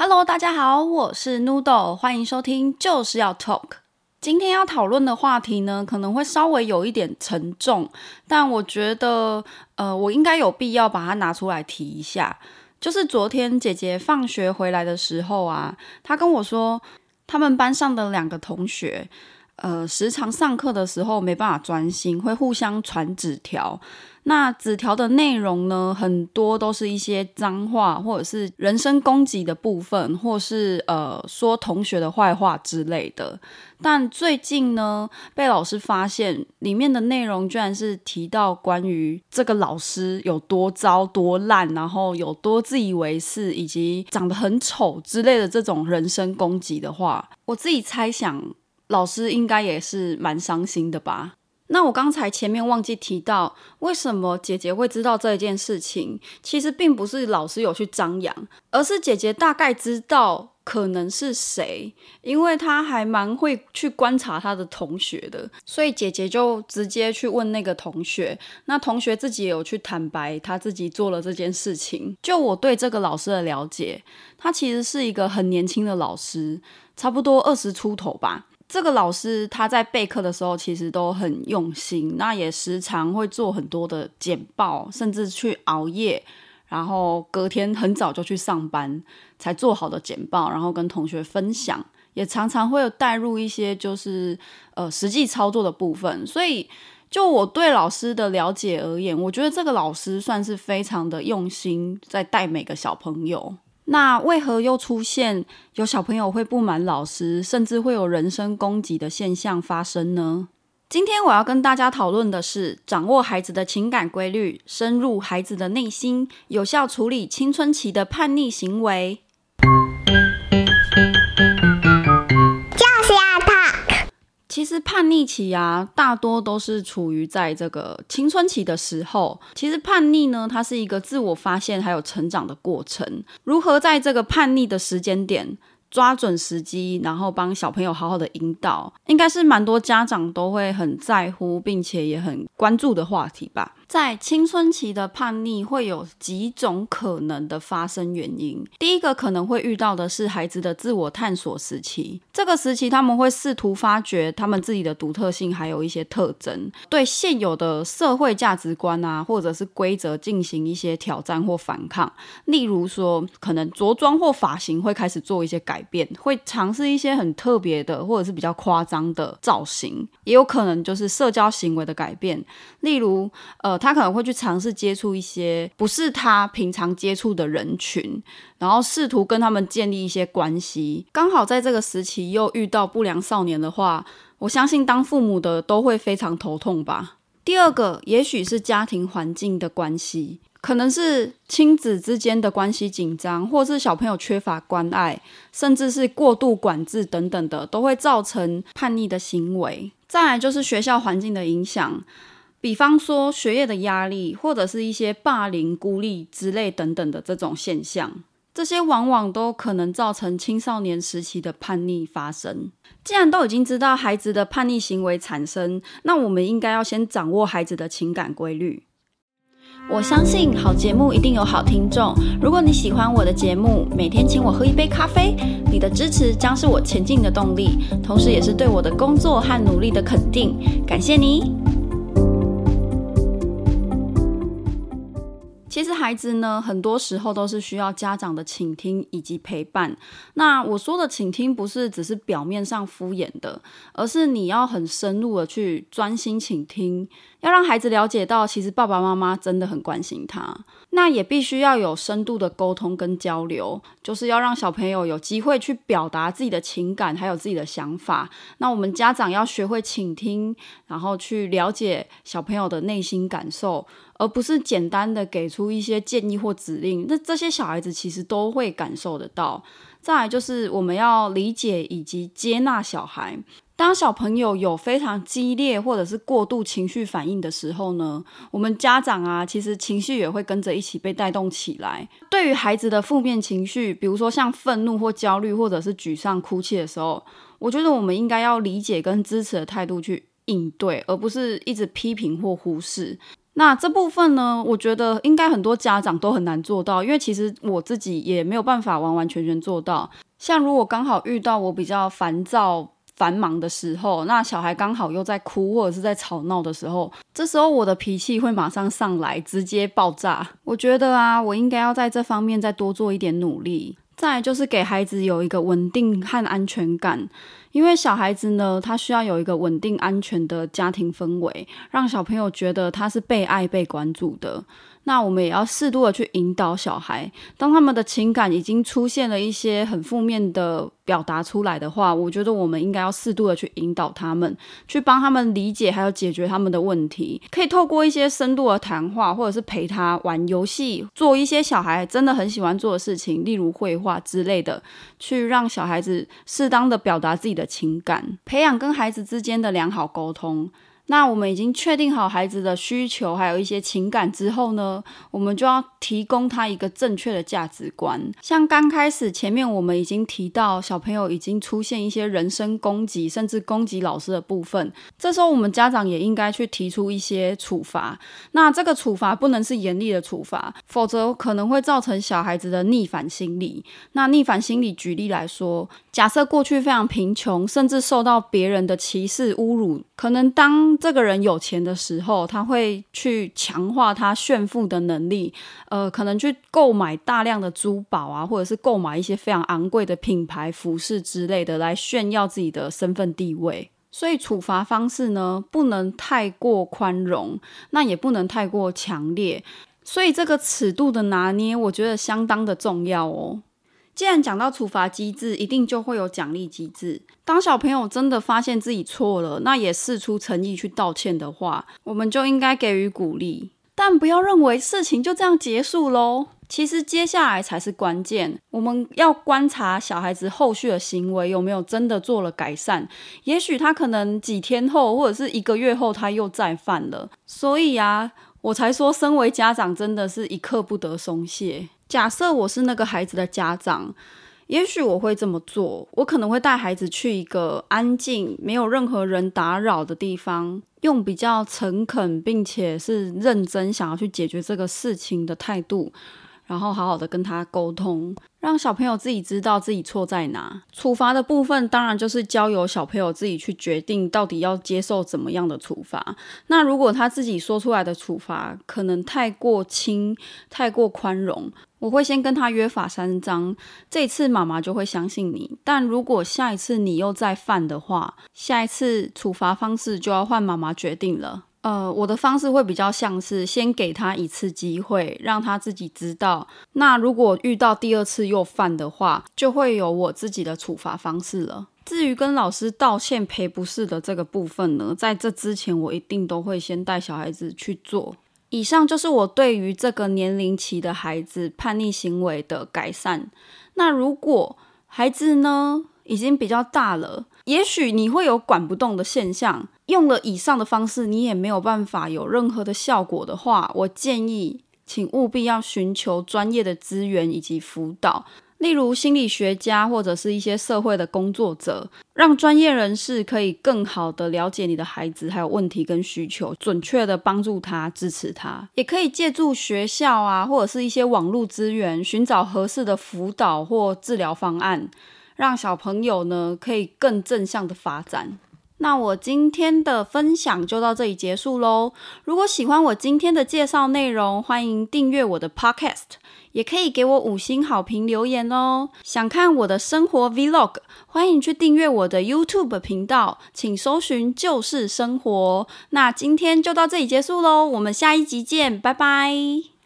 Hello，大家好，我是 Noodle，歡迎收聽，就是要 Talk。今天要討論的話題呢，可能會稍微有一點沉重，但我覺得，呃，我應該有必要把它拿出來提一下。就是昨天姐姐放學回來的時候啊，她跟我說，她們班上的兩個同學。呃，時常上課的時候沒辦法專心，會互相傳紙條。那紙條的內容呢，很多都是一些髒話，或者是人身攻擊的部分，或是呃說同學的壞話之類的。但最近呢，被老師發現裡面的內容，居然是提到關於這個老師有多糟、多爛，然後有多自以為是，以及長得很醜之類的這種人身攻擊的話。我自己猜想。老師應該也是蠻傷心的吧？那我剛才前面忘記提到，為什麼姐姐會知道這一件事情？其實並不是老師有去張揚，而是姐姐大概知道可能是誰，因為她還蠻會去觀察她的同學的，所以姐姐就直接去問那個同學。那同學自己也有去坦白，他自己做了這件事情。就我對這個老師的了解，他其實是一個很年輕的老師，差不多二十出頭吧。這個老師他在備課的時候其實都很用心，那也時常會做很多的簡報，甚至去熬夜，然後隔天很早就去上班才做好的簡報，然後跟同學分享，也常常會有帶入一些就是呃實際操作的部分。所以就我對老師的了解而言，我覺得這個老師算是非常的用心在帶每個小朋友。那為何又出現有小朋友會不滿老師，甚至會有人身攻擊的現象發生呢？今天我要跟大家討論的是，掌握孩子的情感規律，深入孩子的內心，有效處理青春期的叛逆行為。叛逆期啊，大多都是處於在這個青春期的時候。其實叛逆呢，它是一個自我發現還有成長的過程。如何在這個叛逆的時間點抓準時機，然後幫小朋友好好的引導，應該是蠻多家長都會很在乎，並且也很關注的話題吧。在青春期的叛逆會有幾種可能的發生原因。第一個可能會遇到的是孩子的自我探索時期，這個時期他們會試圖發掘他們自己的獨特性，還有一些特徵，對現有的社會價值觀啊或者是規則進行一些挑戰或反抗。例如說，可能着裝或髮型會開始做一些改變，會嘗試一些很特別的或者是比較誇張的造型，也有可能就是社交行為的改變，例如，呃。他可能會去嘗試接觸一些不是他平常接觸的人群，然後試圖跟他們建立一些關係。剛好在這個時期又遇到不良少年的話，我相信當父母的都會非常頭痛吧。第二個，也許是家庭環境的關係，可能是親子之間的關係緊張，或是小朋友缺乏關愛，甚至是過度管制等等的，都會造成叛逆的行為。再來就是學校環境的影響。比方說學業的壓力，或者是一些霸凌、孤立之類等等的這種現象，這些往往都可能造成青少年時期的叛逆發生。既然都已經知道孩子的叛逆行為產生，那我們應該要先掌握孩子的情感規律。我相信好節目一定有好聽眾。如果你喜歡我的節目，每天請我喝一杯咖啡，你的支持將是我前進的動力，同時也是對我的工作和努力的肯定。感謝你。其實孩子呢，很多時候都是需要家長的傾聽以及陪伴。那我說的傾聽不是只是表面上敷衍的，而是你要很深入的去專心傾聽。要讓孩子了解到，其實爸爸媽媽真的很關心他。那也必須要有深度的溝通跟交流，就是要讓小朋友有機會去表達自己的情感，還有自己的想法。那我們家長要學會傾聽，然後去了解小朋友的內心感受，而不是簡單的給出一些建議或指令。那這些小孩子其實都會感受得到。再來就是我們要理解以及接納小孩。當小朋友有非常激烈或者是過度情緒反應的時候呢，我們家長啊，其實情緒也會跟着一起被帶動起來。對於孩子的負面情緒，比如說像憤怒或焦慮，或者是沮喪、哭泣的時候，我覺得我們應該要理解跟支持的態度去應對，而不是一直批評或忽視。那這部分呢，我覺得應該很多家長都很難做到，因為其實我自己也沒有辦法完完全全做到。像如果剛好遇到我比較煩躁，繁忙的時候，那小孩剛好又在哭或者是在吵鬧的時候，這時候我的脾氣會馬上上來，直接爆炸。我覺得啊，我應該要在這方面再多做一點努力。再來就是給孩子有一個穩定和安全感，因為小孩子呢，他需要有一個穩定安全的家庭氛圍，讓小朋友覺得他是被愛、被關注的。那我們也要適度的去引導小孩，當他們的情感已經出現了一些很負面的表達出來的話，我覺得我們應該要適度的去引導他們，去幫他們理解，還有解決他們的問題。可以透過一些深度的談話，或者是陪他玩遊戲，做一些小孩真的很喜歡做的事情，例如繪畫之類的，去讓小孩子適當的表達自己的情感，培養跟孩子之間的良好溝通。那我們已經確定好孩子的需求，還有一些情感之後呢，我們就要提供他一個正確的價值觀。像剛開始前面我們已經提到，小朋友已經出現一些人身攻擊，甚至攻擊老師的部分，這時候我們家長也應該去提出一些處罰。那這個處罰不能是嚴厲的處罰，否則可能會造成小孩子的逆反心理。那逆反心理，舉例來說，假設過去非常貧窮，甚至受到別人的歧視、侮辱，可能當。這個人有錢的時候，他會去強化他炫富的能力，呃，可能去購買大量的珠寶啊，或者是購買一些非常昂貴的品牌服飾之類的，來炫耀自己的身份地位。所以處罰方式呢，不能太過寬容，那也不能太過強烈。所以這個尺度的拿捏，我覺得相當的重要哦。既然講到處罰機制，一定就會有獎勵機制。當小朋友真的發現自己錯了，那也釋出誠意去道歉的話，我們就應該給予鼓勵。但不要認為事情就這樣結束嘍，其實接下來才是關鍵。我們要觀察小孩子後續的行為有沒有真的做了改善。也許他可能幾天後或者是一個月後他又再犯了，所以啊，我才說身為家長真的是一刻不得鬆懈。假設我是那個孩子的家長，也許我會這麼做。我可能會帶孩子去一個安靜、沒有任何人打擾的地方，用比較誠懇並且是認真想要去解決這個事情的態度。然後好好的跟他溝通，讓小朋友自己知道自己錯在哪。處罰的部分當然就是交由小朋友自己去決定，到底要接受怎麼樣的處罰。那如果他自己說出來的處罰可能太過輕、太過寬容，我會先跟他約法三章。這次媽媽就會相信你，但如果下一次你又再犯的話，下一次處罰方式就要換媽媽決定了。呃，我的方式會比較像是先給他一次機會，讓他自己知道。那如果遇到第二次又犯的話，就會有我自己的處罰方式了。至於跟老師道歉賠不是的這個部分呢，在這之前我一定都會先帶小孩子去做。以上就是我對於這個年齡期的孩子叛逆行為的改善。那如果孩子呢，已經比較大了？也許你會有管不動的現象，用了以上的方式，你也沒有辦法有任何的效果的話，我建議，請務必要尋求專業的資源以及輔導，例如心理學家或者是一些社會的工作者，讓專業人士可以更好的了解你的孩子還有問題跟需求，準確的幫助他、支持他。也可以借助學校啊，或者是一些網絡資源，尋找合適的輔導或治療方案。讓小朋友呢，可以更正向的發展。那我今天的分享就到這裡結束嘍。如果喜歡我今天的介紹內容，歡迎訂閱我的 Podcast，也可以給我五星好評留言哦。想看我的生活 Vlog，歡迎去訂閱我的 YouTube 頻道，請搜尋“就是生活”。那今天就到這裡結束嘍，我們下一集見，拜拜。